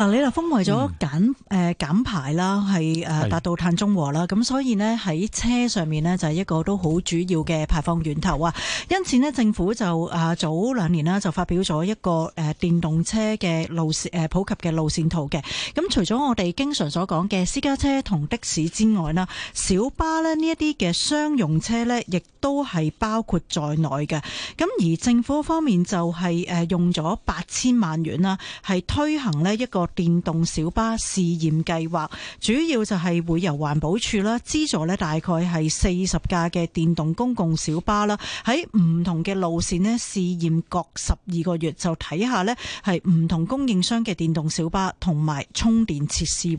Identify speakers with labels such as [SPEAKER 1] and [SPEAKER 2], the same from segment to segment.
[SPEAKER 1] 嗱，李立峰為咗減誒減排啦，係誒達到碳中和啦，咁所以呢，喺車上面呢，就係一個都好主要嘅排放源頭啊。因此呢，政府就啊早兩年呢，就發表咗一個誒電動車嘅路綫誒普及嘅路綫圖嘅。咁除咗我哋經常所講嘅私家車同的士之外啦，小巴呢，呢一啲嘅商用車呢，亦都係包括在內嘅。咁而政府方面就係誒用咗八千萬元啦，係推行呢一個。電動小巴試驗計劃主要就係會由環保署啦資助咧，大概係四十架嘅電動公共小巴啦，喺唔同嘅路線咧試驗各十二個月，就睇下咧係唔同供應商嘅電動小巴同埋充電設施。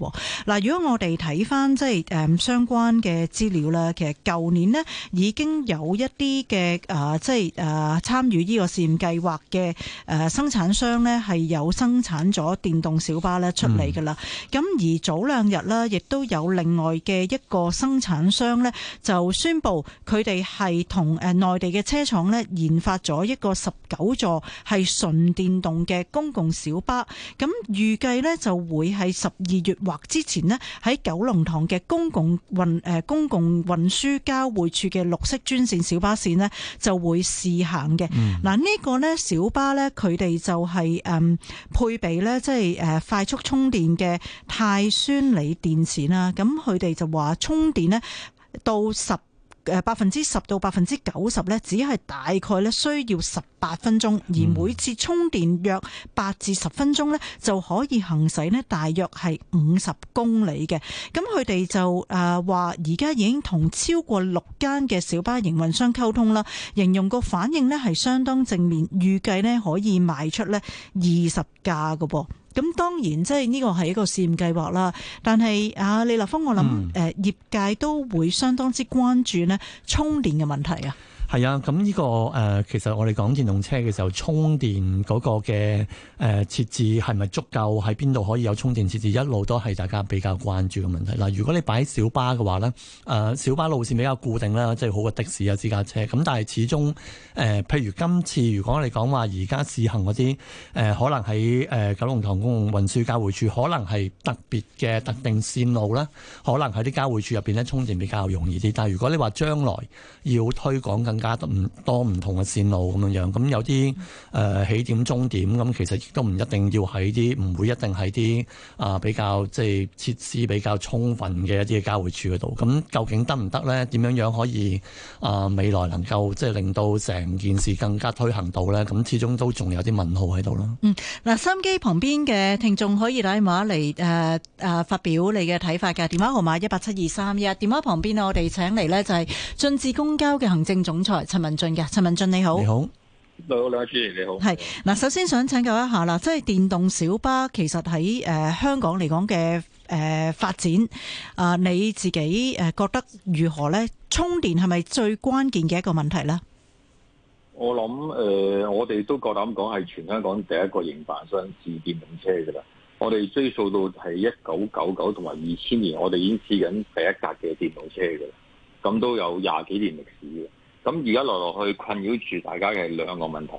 [SPEAKER 1] 嗱，如果我哋睇翻即係誒相關嘅資料啦，其實舊年咧已經有一啲嘅誒即係誒、呃、參與呢個試驗計劃嘅誒、呃、生產商咧係有生產咗電動小巴。巴、嗯、咧出嚟噶啦，咁而早兩日咧，亦都有另外嘅一個生產商咧，就宣布佢哋係同誒內地嘅車廠咧研發咗一個十九座係純電動嘅公共小巴，咁預計咧就會喺十二月或之前咧喺九龍塘嘅公共運誒公共運輸交匯處嘅綠色專線小巴線咧就會試行嘅。嗱、嗯，呢、這個咧小巴咧、就是，佢哋就係誒配備咧，即係誒。呃快速充電嘅碳酸鋰電池啦，咁佢哋就話充電呢，到十誒百分之十到百分之九十呢，只係大概呢需要十八分鐘，而每次充電約八至十分鐘呢，就可以行駛呢大約係五十公里嘅。咁佢哋就誒話，而家已經同超過六間嘅小巴營運商溝通啦，形容個反應呢，係相當正面，預計呢可以賣出呢二十架嘅噃。咁當然，即係呢個係一個試驗計劃啦。但係啊，李立峰，我諗誒業界都會相當之關注呢充電嘅問題啊。
[SPEAKER 2] 係啊，咁呢個誒，其實我哋講電動車嘅時候，充電嗰個嘅誒設置係咪足夠？喺邊度可以有充電設置？一路都係大家比較關注嘅問題。嗱，如果你擺小巴嘅話咧，誒小巴路線比較固定啦，即係好過的士啊、私家車。咁但係始終誒，譬如今次如果我哋講話而家試行嗰啲誒，可能喺誒九龍塘公共運輸交匯處，可能係特別嘅特定線路啦，可能喺啲交匯處入邊咧充電比較容易啲。但係如果你話將來要推廣更多加唔多唔同嘅線路咁樣樣，咁有啲誒起點終點，咁，其實亦都唔一定要喺啲，唔會一定喺啲啊比較即係設施比較充分嘅一啲嘅交匯處嗰度。咁究竟得唔得咧？點樣樣可以啊未來能夠即係令到成件事更加推行到咧？咁始終都仲有啲問號喺度咯。嗯，
[SPEAKER 1] 嗱，收音機旁邊嘅聽眾可以打電話嚟誒誒發表你嘅睇法嘅電話號碼一八七二三一。電話旁邊啊，我哋請嚟咧就係進智公交嘅行政總。陳文俊嘅，陳文俊你好，
[SPEAKER 3] 你好，你好主持你好，係
[SPEAKER 1] 嗱，首先想請教一下啦，即係電動小巴，其實喺誒香港嚟講嘅誒發展啊，你自己誒覺得如何咧？充電係咪最關鍵嘅一個問題咧？
[SPEAKER 3] 我諗誒、呃，我哋都夠膽講係全香港第一個營辦商試電動車噶啦，我哋追溯到係一九九九同埋二千年，我哋已經試緊第一架嘅電動車噶啦，咁都有廿幾年歷史嘅。咁而家落落去困擾住大家嘅兩個問題，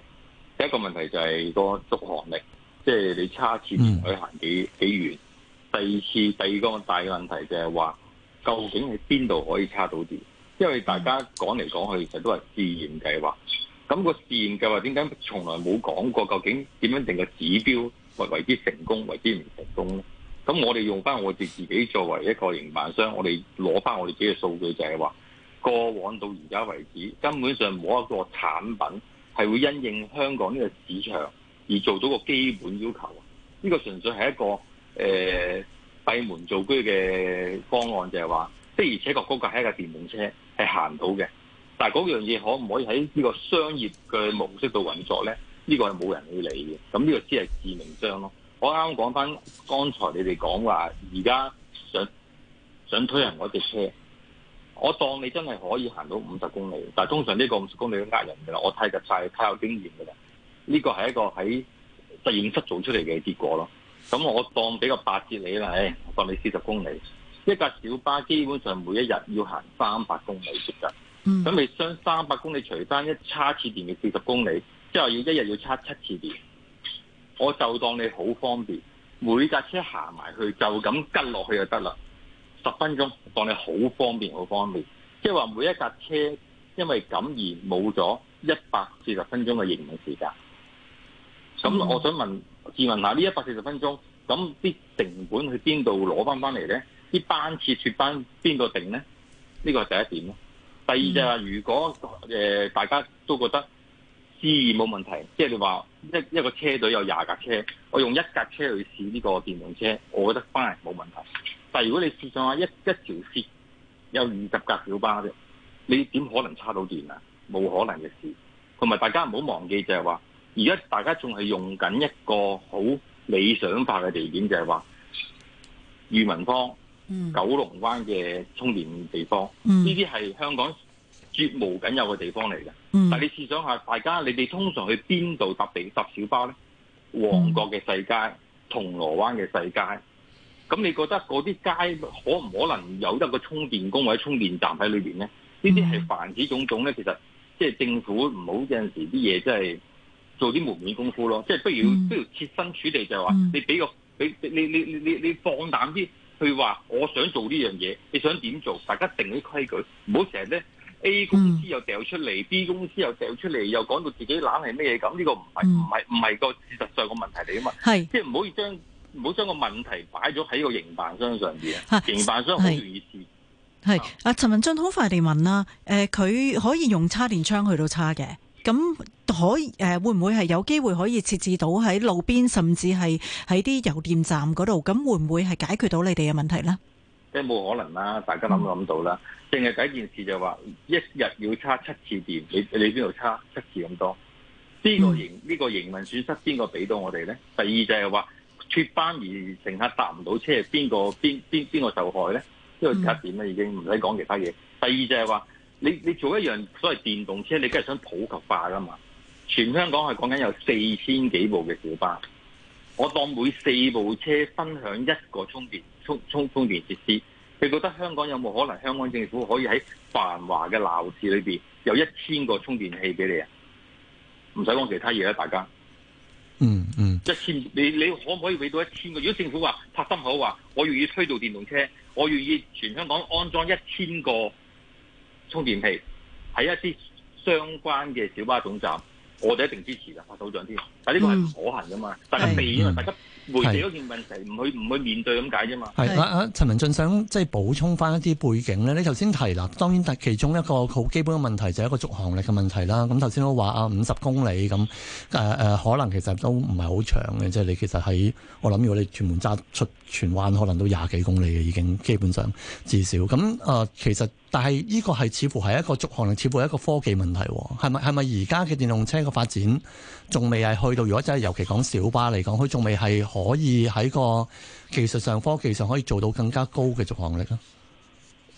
[SPEAKER 3] 第一個問題就係個續航力，即係你差次唔行幾幾遠。第二次第二個大問題就係話究竟喺邊度可以差到啲？因為大家講嚟講去，其實都係試驗計劃，咁個試驗計劃點解從來冇講過究竟點樣定個指標為之成功，為之唔成功咧？咁我哋用翻我哋自己作為一個營辦商，我哋攞翻我哋自己嘅數據就係話。過往到而家為止，根本上冇一個產品係會因應香港呢個市場而做到個基本要求。呢、這個純粹係一個誒、呃、閉門造車嘅方案就是說，就係話，的而且確嗰架係一架電動車，係行到嘅。但係嗰樣嘢可唔可以喺呢個商業嘅模式度運作呢？呢、這個係冇人去理嘅。咁呢個先係致命傷咯。我啱啱講返，剛才你哋講話，而家想想推行嗰隻車。我當你真係可以行到五十公里，但係通常呢個五十公里都呃人㗎啦。我太熟晒，太有經驗㗎啦。呢個係一個喺實驗室做出嚟嘅結果咯。咁我當俾個八折你啦，誒、欸，我當你四十公里，一架小巴基本上每一日要行三百公里其實，咁、嗯、你將三百公里除翻一叉次電嘅四十公里，之後要一日要叉七次電，我就當你好方便，每架車行埋去就咁跟落去就得啦。十分鐘當你好方便，好方便，即係話每一架車因為咁而冇咗一百四十分鐘嘅營運時間。咁我想問，試問下呢一百四十分鐘，咁啲成本去邊度攞翻翻嚟呢？啲班次脫班邊度定呢？呢個係第一點咧。第二就係、話、如果誒大家都覺得試冇問題，即係你話一一個車隊有廿架車，我用一架車去試呢個電動車，我覺得翻嚟冇問題。但如果你試想下一一條線有二十格小巴啫，你點可能插到電啊？冇可能嘅事。同埋大家唔好忘記就係話，而家大家仲係用緊一個好理想化嘅地點就是說，就係話裕民坊、嗯、九龍灣嘅充電地方。呢啲係香港絕無僅有嘅地方嚟嘅、嗯。但你試想下，大家你哋通常去邊度搭地搭小巴咧？旺角嘅世界、嗯，銅鑼灣嘅世界。咁你覺得嗰啲街可唔可能有一個充電工或者充電站喺裏面咧？呢啲係凡此種種咧，其實即係政府唔好有陣時啲嘢，真係做啲門面功夫咯。即、就、係、是、不如、嗯、不如設身處地，就、嗯、話你俾個俾你你你你放膽啲去話，我想做呢樣嘢，你想點做？大家定啲規矩，唔好成日咧 A 公司又掉出嚟、嗯、B 公司又掉出嚟，又講到自己攬係咩嘢咁？呢個唔係唔係唔係個事實上嘅問題嚟啊嘛。即係唔好以將。唔好將個問題擺咗喺個營辦商上邊啊！營辦商好容易思。
[SPEAKER 1] 係啊，陳文俊好快地問啦。誒、呃，佢可以用叉電槍去到叉嘅，咁可以誒、呃，會唔會係有機會可以設置到喺路邊，甚至係喺啲油電站嗰度？咁會唔會係解決到你哋嘅問題呢？
[SPEAKER 3] 即係冇可能啦，大家諗都諗到啦。淨係第一件事就係話，一日要插七次電，你你邊度插七次咁多？呢、呢個營呢、嗯呢個營運損失，邊個俾到我哋咧？第二就係話。脫班而乘客搭唔到車，係邊個邊邊邊個受害咧？呢個第一點咧，已經唔使講其他嘢。第二就係話，你你做一樣所謂電動車，你梗係想普及化噶嘛？全香港係講緊有四千幾部嘅小巴，我當每四部車分享一個充電充充充電設施，你覺得香港有冇可能香港政府可以喺繁華嘅鬧市裏邊有一千個充電器俾你啊？唔使講其他嘢啦、啊，大家。嗯嗯，一千你你可唔可以俾到一千個？如果政府話拍心口話，我願意推動電動車，我願意全香港安裝一千個充電器喺一啲相關嘅小巴總站，我哋一定支持噶，拍手掌添。但呢個係唔可行噶嘛，大家未，大、嗯、家。回避嗰件問題，唔去唔去面對咁解啫嘛。係
[SPEAKER 2] 啊陳文俊，想即係補充翻一啲背景咧。你頭先提啦，當然係其中一個好基本嘅問題就係一個續航力嘅問題啦。咁頭先都話啊，五十公里咁，誒誒，可能其實都唔係好長嘅，即係你其實喺我諗，如果你屯門揸出荃灣，全灣可能都廿幾公里嘅已經基本上至少咁啊、呃，其實。但係呢個係似乎係一個續航力，似乎係一個科技問題，係咪係咪而家嘅電動車嘅發展仲未係去到？如果真係尤其講小巴嚟講，佢仲未係可以喺個技術上、科技上可以做到更加高嘅續航力
[SPEAKER 3] 咧？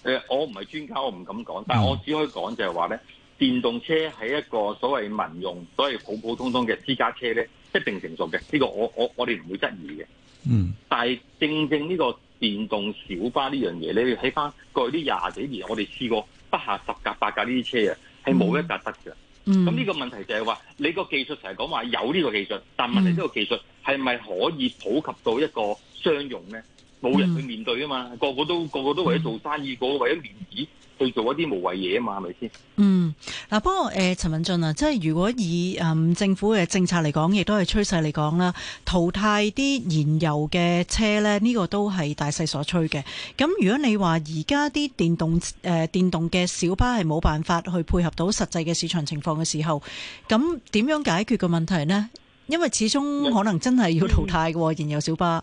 [SPEAKER 3] 誒、呃，我唔係專家，我唔敢講，但係我只可以講就係話咧，電動車係一個所謂民用、所謂普普通通嘅私家車咧，一定成熟嘅。呢、這個我我我哋唔會質疑嘅。嗯。但係正正呢、這個。電動小巴呢樣嘢，你睇翻過去啲廿幾年，我哋試過不下十架、八架呢啲車啊，係冇一架得嘅。咁呢個問題就係話，你個技術成日講話有呢個技術，但問題呢個技術係咪可以普及到一個商用咧？冇人去面對啊嘛，個個都個個都為咗做生意，個個為咗面子。去做一啲無謂嘢
[SPEAKER 1] 啊嘛，係咪先？嗯，嗱，不過誒，陳文俊啊，即係如果以誒、嗯、政府嘅政策嚟講，亦都係趨勢嚟講啦，淘汰啲燃油嘅車咧，呢、這個都係大勢所趨嘅。咁如果你話而家啲電動誒、呃、電動嘅小巴係冇辦法去配合到實際嘅市場情況嘅時候，咁點樣解決個問題呢？因為始終可能真係要淘汰嘅 燃油小巴。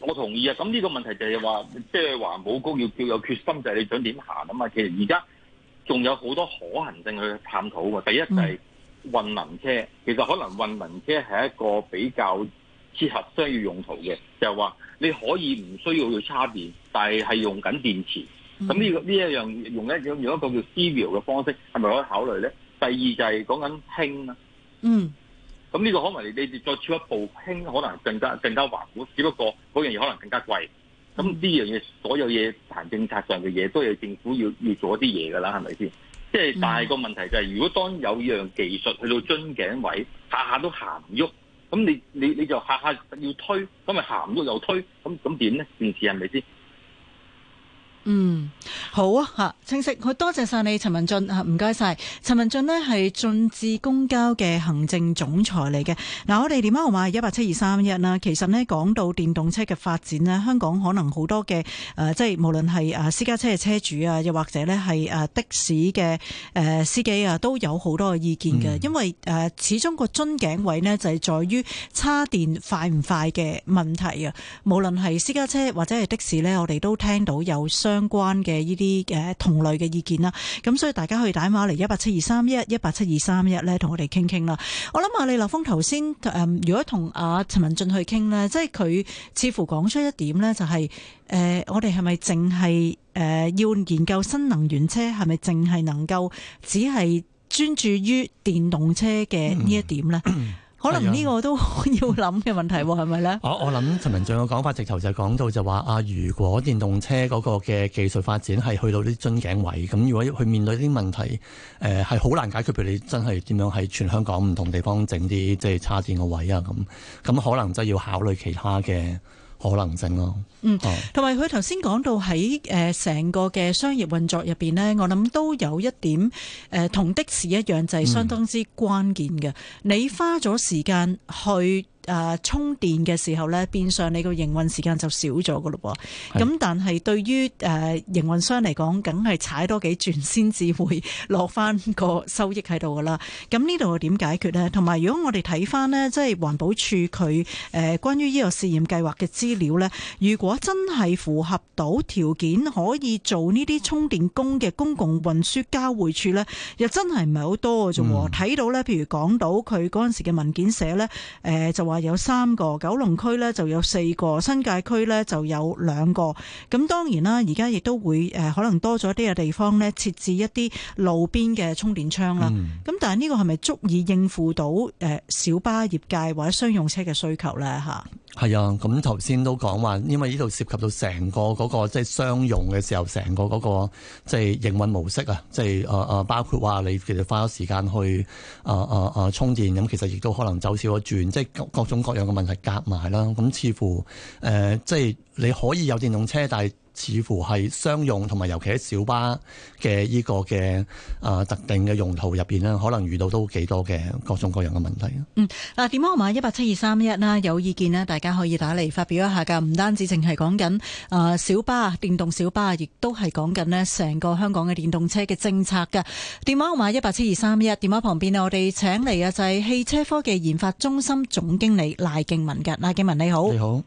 [SPEAKER 3] 我同意啊！咁呢個問題就係話，即係話環保局要叫有決心，就係、是、你想點行啊嘛。其實而家仲有好多可行性去探討嘅。第一就係運能車，其實可能運能車係一個比較適合商業用途嘅，就係、是、話你可以唔需要要叉電，但係係用緊電池。咁呢、這個呢一樣用一用用一個叫 EVIL 嘅方式，係咪可以考慮咧？第二就係講緊氫啊。嗯。咁呢個可能你哋再超一步輕，興可能更加更加環保，只不過嗰樣嘢可能更加貴。咁呢樣嘢所有嘢行政策上嘅嘢，都係政府要要做啲嘢㗎啦，係咪先？即係但係個問題就係，如果當有樣技術去到樽頸位，下下都行唔喐，咁你你你就下下要推，咁咪行唔喐又推，咁咁點咧？唔似係咪先？
[SPEAKER 1] 嗯，好啊吓、啊，清晰，好多謝晒你，陳文俊啊唔該晒。陳文俊咧係進智公交嘅行政總裁嚟嘅。嗱、嗯，我哋電話號碼係一八七二三一啦。其實咧講到電動車嘅發展咧，香港可能好多嘅誒、呃，即係無論係誒私家車嘅車主啊，又或者咧係誒的士嘅誒、呃、司機啊，都有好多嘅意見嘅、嗯。因為誒、呃、始終個樽頸位咧就係、是、在於叉電快唔快嘅問題啊。無論係私家車或者係的士咧，我哋都聽到有相關嘅呢啲嘅同類嘅意見啦，咁所以大家可以打電話嚟一八七二三一一八七二三一咧，同我哋傾傾啦。我諗阿李立峰頭先誒，如果同阿陳文俊去傾咧，即係佢似乎講出一點咧、就是，就係誒，我哋係咪淨係誒要研究新能源車，係咪淨係能夠只係專注於電動車嘅呢一點
[SPEAKER 2] 咧？嗯 可能呢個都
[SPEAKER 1] 要諗嘅問題喎，係咪咧？
[SPEAKER 2] 啊，我諗陳文俊嘅講法直頭就講到就話啊，如果電動車嗰個嘅技術發展係去到啲樽頸位，咁如果要去面對啲問題，誒係好難解決，譬如你真係點樣喺全香港唔同地方整啲即係叉電嘅位啊，咁咁可能真係要考慮其他嘅可能性咯，嗯，
[SPEAKER 1] 同埋佢頭先講到喺成個嘅商業運作入面呢，我諗都有一點呃、同的士一樣，就係、是、相當之關鍵嘅，嗯、你花咗時間去。誒、啊、充電嘅時候咧，變相你個營運時間就少咗噶咯喎。咁但係對於誒營運商嚟講，梗係踩多幾轉先至會落翻個收益喺度噶啦。咁呢度點解決咧？同埋如果我哋睇翻咧，即係環保署佢誒關於呢個試驗計劃嘅資料咧，如果真係符合到條件，可以做呢啲充電工嘅公共運輸交匯處咧，又真係唔係好多嘅啫喎。睇、嗯、到咧，譬如講到佢嗰陣時嘅文件寫咧，誒、呃、就話話有三個九龍區呢，就有四個新界區呢，就有兩個咁當然啦，而家亦都會誒可能多咗啲嘅地方呢，設置一啲路邊嘅充電槍啦。咁但係呢個係咪足以應付到誒小巴業界或者商用車嘅需求呢？吓？
[SPEAKER 2] 係啊，咁頭先都講話，因為呢度涉及到成個嗰個即係商用嘅時候，成個嗰個即係營運模式啊，即係誒誒，包括話你其實花咗時間去誒誒誒充電，咁其實亦都可能走少咗轉，即係。各種各樣嘅問題夾埋啦，咁似乎誒、呃、即係你可以有電動車，但係。似乎係商用同埋，尤其喺小巴嘅呢個嘅啊特定嘅用途入邊咧，可能遇到都幾多嘅各種各樣嘅問題。嗯，嗱，
[SPEAKER 1] 啊，電話號碼一八七二三一啦，有意見咧，大家可以打嚟發表一下㗎。唔單止淨係講緊啊小巴啊電動小巴啊，亦都係講緊呢成個香港嘅電動車嘅政策㗎。電話號碼一八七二三一，電話旁邊咧，我哋請嚟嘅就係汽車科技研發中心總經理賴敬文嘅。賴敬文你好，你好。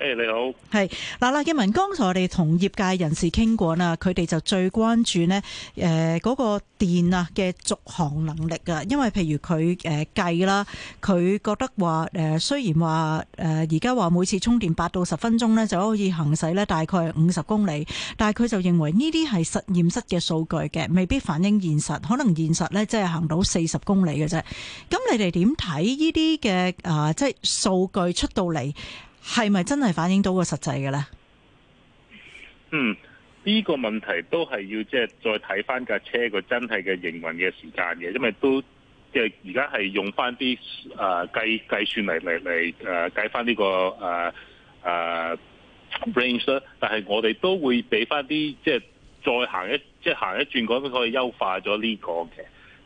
[SPEAKER 1] 誒、hey,，你好係嗱，賴敬文，剛才我哋同業界人士傾過啦，佢哋就最關注呢誒，嗰、呃那個電啊嘅續航能力啊，因為譬如佢誒計啦，佢、呃、覺得話誒、呃，雖然話誒而家話每次充電八到十分鐘呢就可以行駛呢大概五十公里，但係佢就認為呢啲係實驗室嘅數據嘅，未必反映現實，可能現實呢即係行到四十公里嘅啫。咁你哋點睇呢啲嘅誒，即係數據出到嚟？係咪真係反映到個實際嘅咧？
[SPEAKER 4] 嗯，呢、呢個問題都係要即係再睇翻架車個真係嘅營運嘅時間嘅，因為都即係而家係用翻啲誒計計算嚟嚟嚟誒計翻呢個誒誒、啊啊、range 但係我哋都會俾翻啲即係再行一即係行一轉嗰都可以優化咗呢個嘅。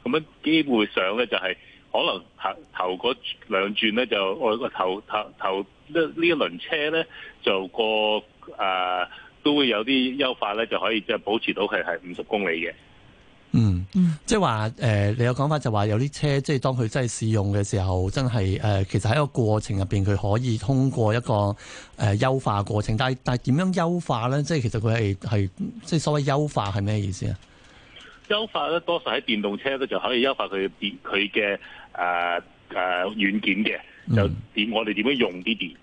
[SPEAKER 4] 咁樣基本上咧就係、係、可能頭頭嗰兩轉咧就我個頭頭頭。頭呢呢一輪車咧就個誒、呃、都會有啲優化咧，就可以即係保持到佢係五十公里嘅。嗯，
[SPEAKER 2] 即係話誒，你有講法就話有啲車即係當佢真係試用嘅時候，真係誒、呃，其實喺個過程入邊佢可以通過一個誒、呃、優化過程。但係但係點樣優化咧？即係其實佢係係即係所謂優化係咩意思啊？
[SPEAKER 4] 優化咧，多數喺電動車咧就可以優化佢電佢嘅誒誒軟件嘅。就點我哋點樣用啲電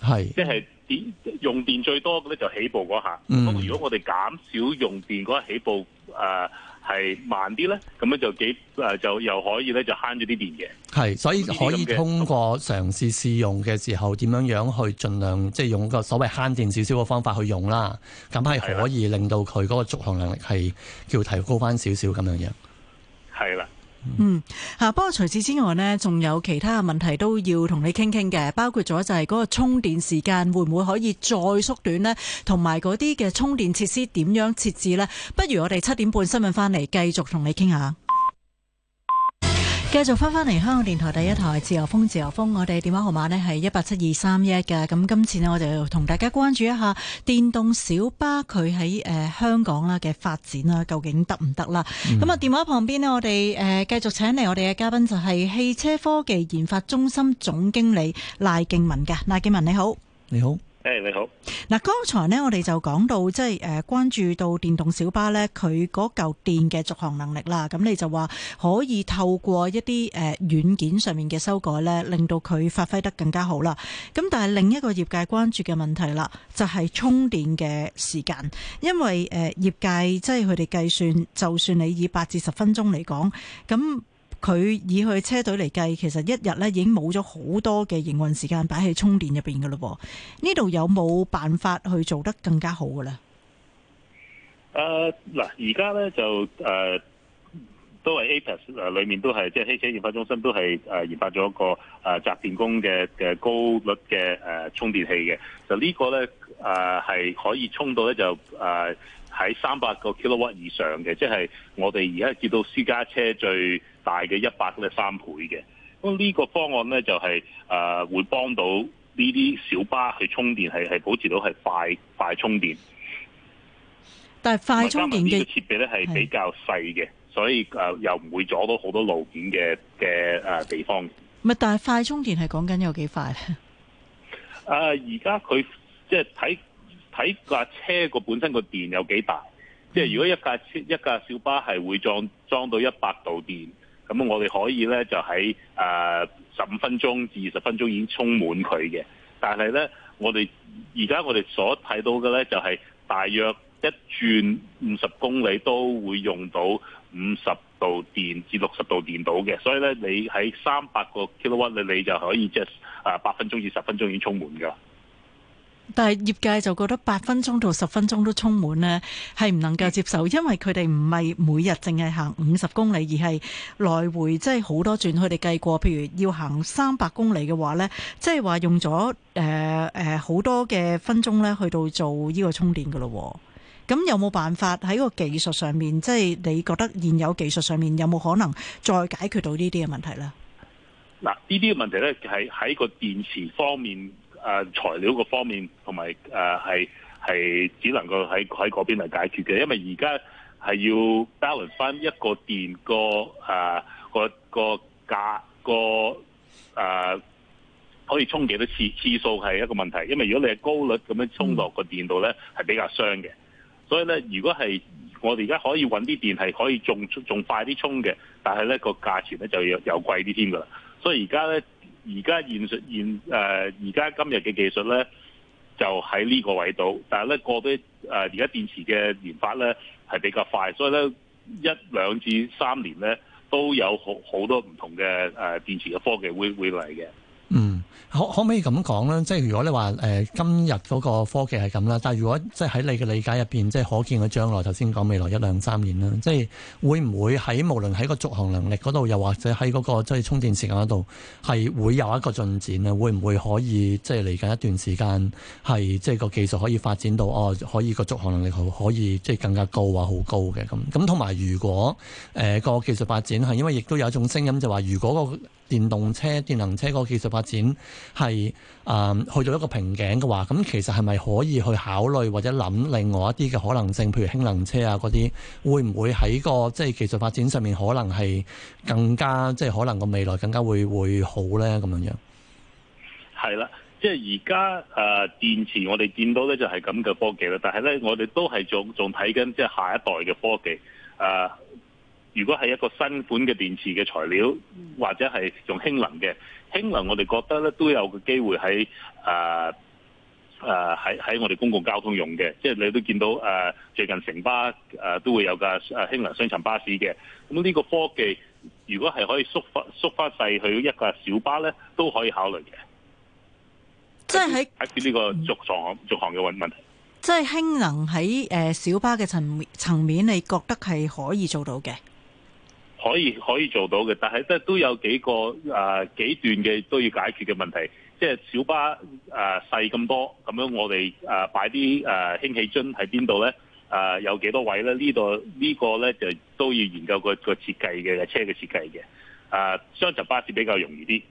[SPEAKER 4] 係、嗯，即係點用電最多嘅咧就是起步嗰下。咁、嗯、如果我哋減少用電嗰起步誒係、呃、慢啲咧，咁樣就幾誒、呃、就又可以咧就慳咗啲電嘅。係，所以可以
[SPEAKER 2] 通過嘗試試用嘅時候，點樣樣去盡量即係、就是、用一個所謂慳電少少嘅方法去用啦。咁係可以令到佢嗰個續航能力係叫提高翻少少咁樣樣。係啦。
[SPEAKER 1] 嗯，吓，不過除此之外呢，仲有其他嘅問題都要同你傾傾嘅，包括咗就係嗰個充電時間會唔會可以再縮短呢？同埋嗰啲嘅充電設施點樣設置呢？不如我哋七點半新聞翻嚟繼續同你傾下。繼續翻翻嚟，香港電台第一台自由風，自由風，我哋電話號碼呢係一八七二三一嘅。咁今次呢，我就同大家關注一下電動小巴佢喺誒，香港啦嘅發展啦，究竟得唔得啦？咁、嗯、啊，電話旁邊呢，我哋誒繼續請嚟我哋嘅嘉賓就係汽車科技研發中心總經理賴敬文嘅。賴敬文，你好，你好。誒，你好！嗱，剛才呢，我哋就講到即係誒，關注到電動小巴呢，佢嗰嚿電嘅續航能力啦。咁你就話可以透過一啲誒軟件上面嘅修改呢，令到佢發揮得更加好啦。咁但係另一個業界關注嘅問題啦，就係充電嘅時間，因為誒業界即係佢哋計算，就算你以八至十分鐘嚟講，咁。佢以佢車隊嚟計，其實一日咧已經冇咗好多嘅營運時間擺喺充電入邊噶啦。呢度有冇辦法去做得更加好嘅咧？
[SPEAKER 4] 誒、呃、嗱，而家咧就誒、呃、都係 APAS 誒裏面都係即係汽車研發中心都係誒研發咗一個誒集電工嘅嘅高率嘅誒充電器嘅。就這個呢個咧誒係可以充到咧就誒喺三百個 kilowatt 以上嘅，即、就、係、是、我哋而家見到私家車最大嘅一百咧三倍嘅，咁、這、呢個方案咧就係、是、誒、呃、會幫到呢啲小巴去充電，係係保持到係快快充電。
[SPEAKER 1] 但係快充電
[SPEAKER 4] 嘅設備咧係比較細嘅，所以誒、呃、又唔會阻到好多路段嘅嘅誒地方。
[SPEAKER 1] 咪但係快充電係講緊有幾快咧？
[SPEAKER 4] 誒、呃，而家佢即係睇睇架車個本身個電有幾大，嗯、即係如果一架車一架小巴係會裝裝到一百度電。咁、嗯、我哋可以咧就喺誒十五分鐘至二十分鐘已經充滿佢嘅，但係咧我哋而家我哋所睇到嘅咧就係、是、大約一轉五十公里都會用到五十度電至六十度電到嘅，所以咧你喺三百個 kW 你就可以即係誒八分鐘至十分鐘已經充滿㗎。
[SPEAKER 1] 但係業界就覺得八分鐘到十分鐘都充滿呢，係唔能夠接受，因為佢哋唔係每日淨係行五十公里，而係來回即係好多轉。佢哋計過，譬如要行三百公里嘅話呢，即係話用咗誒誒好多嘅分鐘呢，去到做呢個充電嘅咯。咁有冇辦法喺個技術上面，即係你覺得現有技術上面有冇可能再解決到呢啲嘅問題呢？
[SPEAKER 4] 嗱，呢啲嘅問題呢，係喺個電池方面。誒、啊、材料個方面，同埋誒係係只能夠喺喺嗰邊嚟解決嘅，因為而家係要 balance 翻一個電一個誒、啊、個個價個誒、啊、可以充幾多次次數係一個問題，因為如果你係高率咁樣充落個、嗯、電度咧，係比較傷嘅。所以咧，如果係我哋而家可以搵啲電係可以仲仲快啲充嘅，但係咧個價錢咧就要又貴啲添㗎啦。所以而家咧。而家現實現誒，而、呃、家今日嘅技術咧，就喺呢個位度。但係咧，過多誒，而、呃、家電池嘅研發咧係比較快，所以咧一兩至三年咧都有好好多唔同嘅誒、呃、電池嘅科技會會嚟嘅。
[SPEAKER 2] 可可唔可以咁講咧？即係如果你話誒、呃、今日嗰個科技係咁啦，但係如果即係喺你嘅理解入邊，即係可見嘅將來，頭先講未來一兩三年啦，即係會唔會喺無論喺個續航能力嗰度，又或者喺嗰、嗰個即係充電時間嗰度，係會有一個進展咧？會唔會可以即係嚟緊一段時間係即係個技術可以發展到哦，可以個續航能力好，可以即係更加高啊好高嘅咁？咁同埋如果誒個、呃、技術發展係，因為亦都有一種聲音就話，如果、嗰個電動車、電能車嗰個技術發展係啊、呃、去到一個瓶頸嘅話，咁其實係咪可以去考慮或者諗另外一啲嘅可能性，譬如氫能車啊嗰啲，會唔會喺、那個即係技術發展上面可能係更加即係可能個未來更加會會好呢？咁樣樣？
[SPEAKER 4] 係啦，即係而家誒電池我哋見到呢就係咁嘅科技啦，但係呢，我哋都係仲仲睇緊即係下一代嘅科技誒。呃如果係一個新款嘅電池嘅材料，或者係用氫能嘅氫能，我哋覺得咧都有個機會喺啊啊喺喺我哋公共交通用嘅。即係你都見到誒、呃、最近城巴誒、呃、都會有架誒氫能雙層巴士嘅。咁呢個科技如果係可以縮翻縮翻細佢一個小巴咧，都可以考慮嘅。即係喺解決呢個續航、嗯、續航嘅問題。即、就、
[SPEAKER 1] 係、是、氫能喺誒小巴嘅層、層面層面，你覺得係可以做到嘅。
[SPEAKER 4] 可以可以做到嘅，但係都都有幾個誒、呃、幾段嘅都要解決嘅問題，即係小巴誒、呃、細咁多，咁樣我哋誒、呃、擺啲誒氫氣樽喺邊度咧？誒、呃呃、有幾多位咧？這這個、呢度呢個咧就都要研究個個設計嘅車嘅設計嘅。誒、呃、雙層巴士比較容易啲。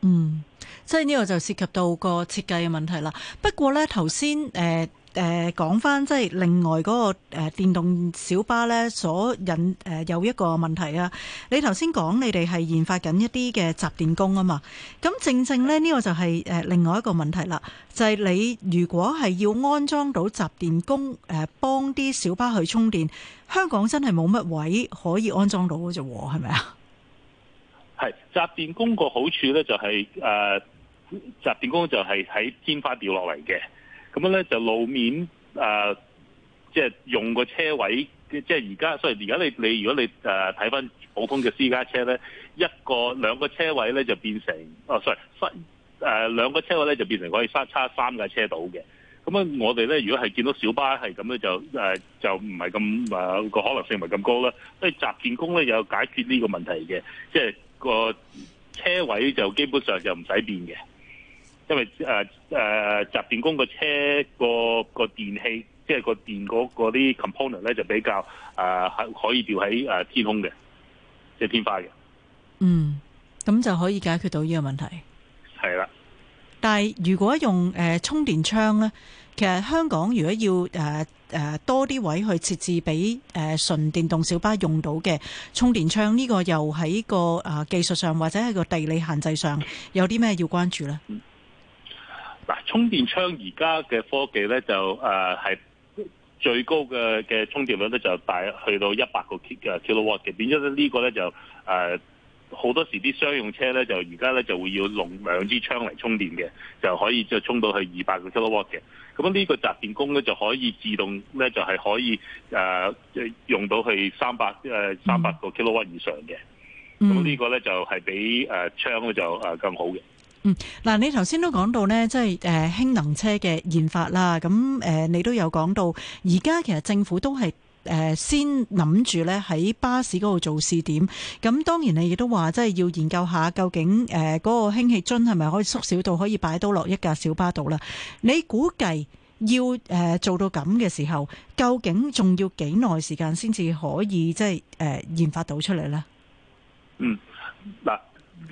[SPEAKER 4] 嗯，
[SPEAKER 1] 即係呢個就涉及到個設計嘅問題啦。不過咧，頭先誒。呃誒，講翻即係另外嗰個誒，電動小巴呢，所引有一個問題啊！你頭先講你哋係研發緊一啲嘅集電工啊嘛，咁正正呢呢個就係另外一個問題啦，就係、是、你如果係要安裝到集電工幫啲小巴去充電，香港真係冇乜位可以安裝到嘅啫，係咪啊？
[SPEAKER 4] 係集電工個好處呢、就是，就係誒集電工就係喺天花掉落嚟嘅。咁樣咧就路面誒，即、呃、係、就是、用個車位，即係而家，所以而家你你如果你誒睇返普通嘅私家車咧，一個兩個車位咧就變成，哦，sorry，、呃、兩個車位咧就變成可以三叉三嘅車道嘅。咁我哋咧，如果係見到小巴係咁咧，就誒、呃、就唔係咁誒個可能性唔係咁高啦。所以集電弓咧有解決呢個問題嘅，即、就、係、是、個車位就基本上就唔使變嘅。因為誒誒、呃、集電工的車的個車個個電器，即係個電嗰啲 component 咧，就比較誒、呃、可以吊喺誒天空嘅，即係天花嘅。嗯，
[SPEAKER 1] 咁就可以解決到呢個問題。
[SPEAKER 4] 係啦，
[SPEAKER 1] 但係如果用誒、呃、充電槍咧，其實香港如果要誒誒、呃呃、多啲位去設置俾誒純電動小巴用到嘅充電槍，呢個又喺、這個啊、呃、技術上或者喺個地理限制上有啲咩要關注咧？嗯
[SPEAKER 4] 嗱、啊，充電槍而家嘅科技咧就誒係、啊、最高嘅嘅充電率咧就大約去到一百個 kilowatt 嘅，變咗呢個咧就誒好、啊、多時啲商用車咧就而家咧就會要弄兩支槍嚟充電嘅，就可以就充到去二百個 kilowatt 嘅，咁呢個集電弓咧就可以自動咧就係、是、可以誒、啊、用到去三百誒三百個 kilowatt 以上嘅，咁、嗯、呢個咧就係、是、比誒槍咧就誒更好嘅。
[SPEAKER 1] 嗯，嗱，你頭先都講到呢，即係誒，氫能車嘅研發啦，咁誒，你都有講到，而家其實政府都係誒，先諗住呢喺巴士嗰度做試點，咁當然你亦都話，即係要研究下究竟誒嗰個氫氣樽係咪可以縮小到可以擺到落一架小巴度啦？你估計要誒做到咁嘅時候，究竟仲要幾耐時間先至可以即係誒研發到出嚟呢？嗯，嗱。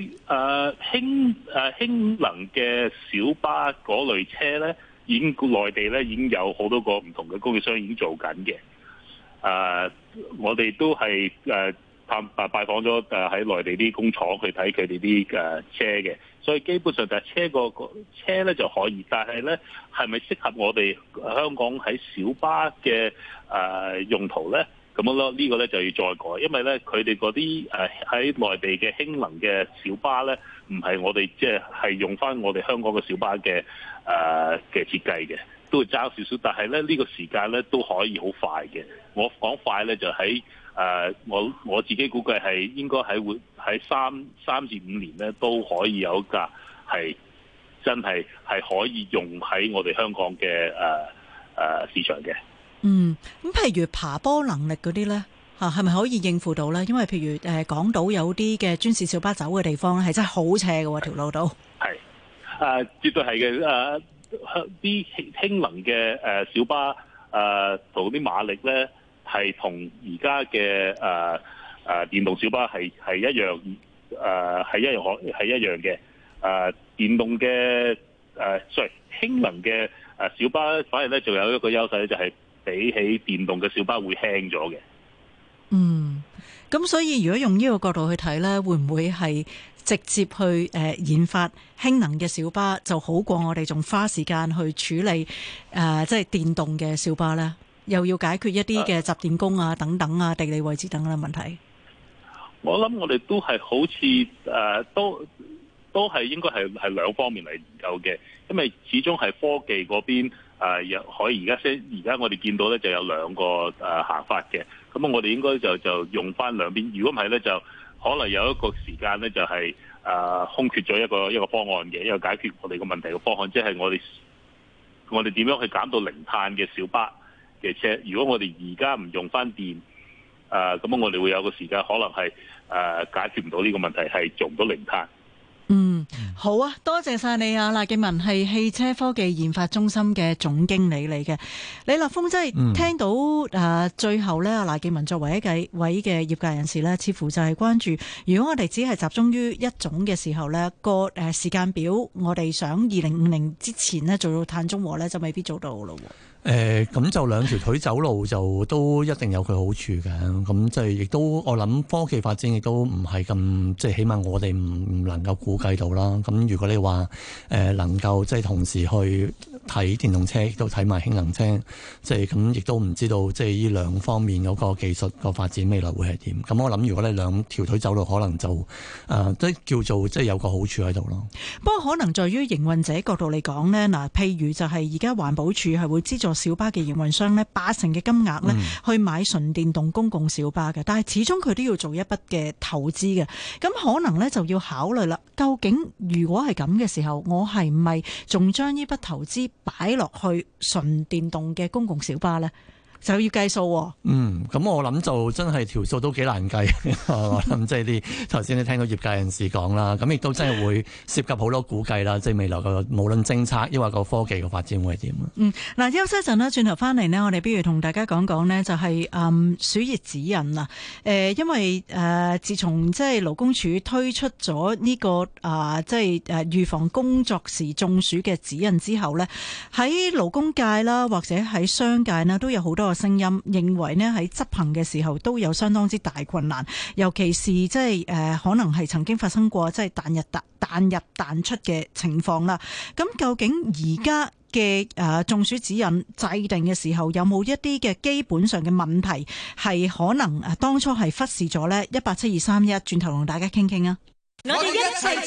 [SPEAKER 4] 誒、啊、輕誒、啊、輕能嘅小巴嗰類車咧，已經內地咧，已經有好多個唔同嘅供應商已經做緊嘅。誒、啊，我哋都係誒探誒拜訪咗誒喺內地啲工廠去睇佢哋啲誒車嘅，所以基本上就係車個個車咧，就可以，但係咧係咪適合我哋香港喺小巴嘅誒、啊、用途咧？咁樣咯，呢、呢個咧就要再改，因為咧佢哋嗰啲誒喺內地嘅輕能嘅小巴咧，唔係我哋即係係用翻我哋香港嘅小巴嘅誒嘅設計嘅，都會差少少。但係咧呢、呢個時間咧都可以好快嘅。我講快咧就喺、是、誒、呃、我我自己估計係應該喺會喺三三至五年咧都可以有一架係真係係可以用喺我哋香港嘅誒誒市場嘅。
[SPEAKER 1] 嗯，咁譬如爬坡能力嗰啲咧，吓係咪可以應付到咧？因為譬如誒，港島有啲嘅專線小巴走嘅地方咧，係真係好斜嘅喎、啊，條路都
[SPEAKER 4] 係誒，絕對係嘅誒，啲輕能嘅誒小巴誒，同、啊、啲馬力咧係同而家嘅誒誒電動小巴係係一樣誒，係、啊、一樣可係一樣嘅誒、啊，電動嘅誒 sorry 輕能嘅誒小巴反而咧，仲有一個優勢咧，就係、是。比起電動嘅小巴會輕咗嘅，
[SPEAKER 1] 嗯，咁所以如果用呢個角度去睇呢會唔會係直接去誒研、呃、發氫能嘅小巴就好過我哋仲花時間去處理誒即係電動嘅小巴呢？又要解決一啲嘅集電弓啊、等等啊、地理位置等等問題。
[SPEAKER 4] 我諗我哋都係好似、呃、都都係應該係係兩方面嚟研究嘅，因為始終係科技嗰邊。誒又可以而家先，而家我哋見到咧就有兩個誒、呃、行法嘅，咁我哋應該就就用翻兩邊。如果唔係咧，就可能有一個時間咧就係、是、誒、呃、空缺咗一個一個方案嘅，因為解決我哋個問題嘅方案，即係我哋我哋點樣去減到零碳嘅小巴嘅車。如果我哋而家唔用翻電，誒、呃、咁我哋會有個時間可能係誒、呃、解決唔到呢個問題，係做唔到零碳。
[SPEAKER 1] 嗯，好啊，多謝晒你啊，賴敬文係汽車科技研發中心嘅總經理嚟嘅。李立峰真係聽到，誒，最後咧，賴敬文作為一位嘅業界人士咧，似乎就係關注，如果我哋只係集中於一種嘅時候咧，個誒時間表，我哋想二零五零之前呢做到碳中和咧，就未必做到咯。
[SPEAKER 2] 誒、欸，咁就兩條腿走路就都一定有佢好處嘅。咁即係亦都我諗科技發展亦都唔係咁，即係起碼我哋唔唔能夠估計到啦。咁如果你話誒、呃、能夠即係同時去睇電動車，亦都睇埋氫能車，即係咁亦都唔知道即係呢兩方面嗰個技術個發展未來會係點。咁我諗如果你兩條腿走路，可能就誒即係叫做即係有個好處喺度咯。
[SPEAKER 1] 不過可能在於營運者角度嚟講咧，嗱，譬如就係而家環保署係會資助。小巴嘅營運商呢，八成嘅金額呢去買純電動公共小巴嘅，但係始終佢都要做一筆嘅投資嘅，咁可能呢，就要考慮啦，究竟如果係咁嘅時候，我係咪仲將呢筆投資擺落去純電動嘅公共小巴呢？就要計數，哦，嗯，
[SPEAKER 2] 咁我諗就真係條數都幾難計，咁即係啲頭先你聽到業界人士講啦，咁亦都真係會涉及好多估計啦，即係未來個無論政策，抑或個科技個發展會點啊？嗯，
[SPEAKER 1] 嗱休息一陣啦，轉頭翻嚟呢，我哋不如同大家講講呢，就係暑熱指引啊，因為、呃、自從即係勞工署推出咗呢、呢個啊、呃，即係誒預防工作時中暑嘅指引之後呢，喺勞工界啦，或者喺商界呢都有好多。聲音認為呢喺執行嘅時候都有相當之大困難，尤其是即係誒，可能係曾經發生過即係彈入彈彈入彈出嘅情況啦。咁究竟而家嘅誒中暑指引制定嘅時候，有冇一啲嘅基本上嘅問題係可能誒當初係忽視咗呢，一八七二三一，轉頭同大家傾傾啊！
[SPEAKER 4] 我哋一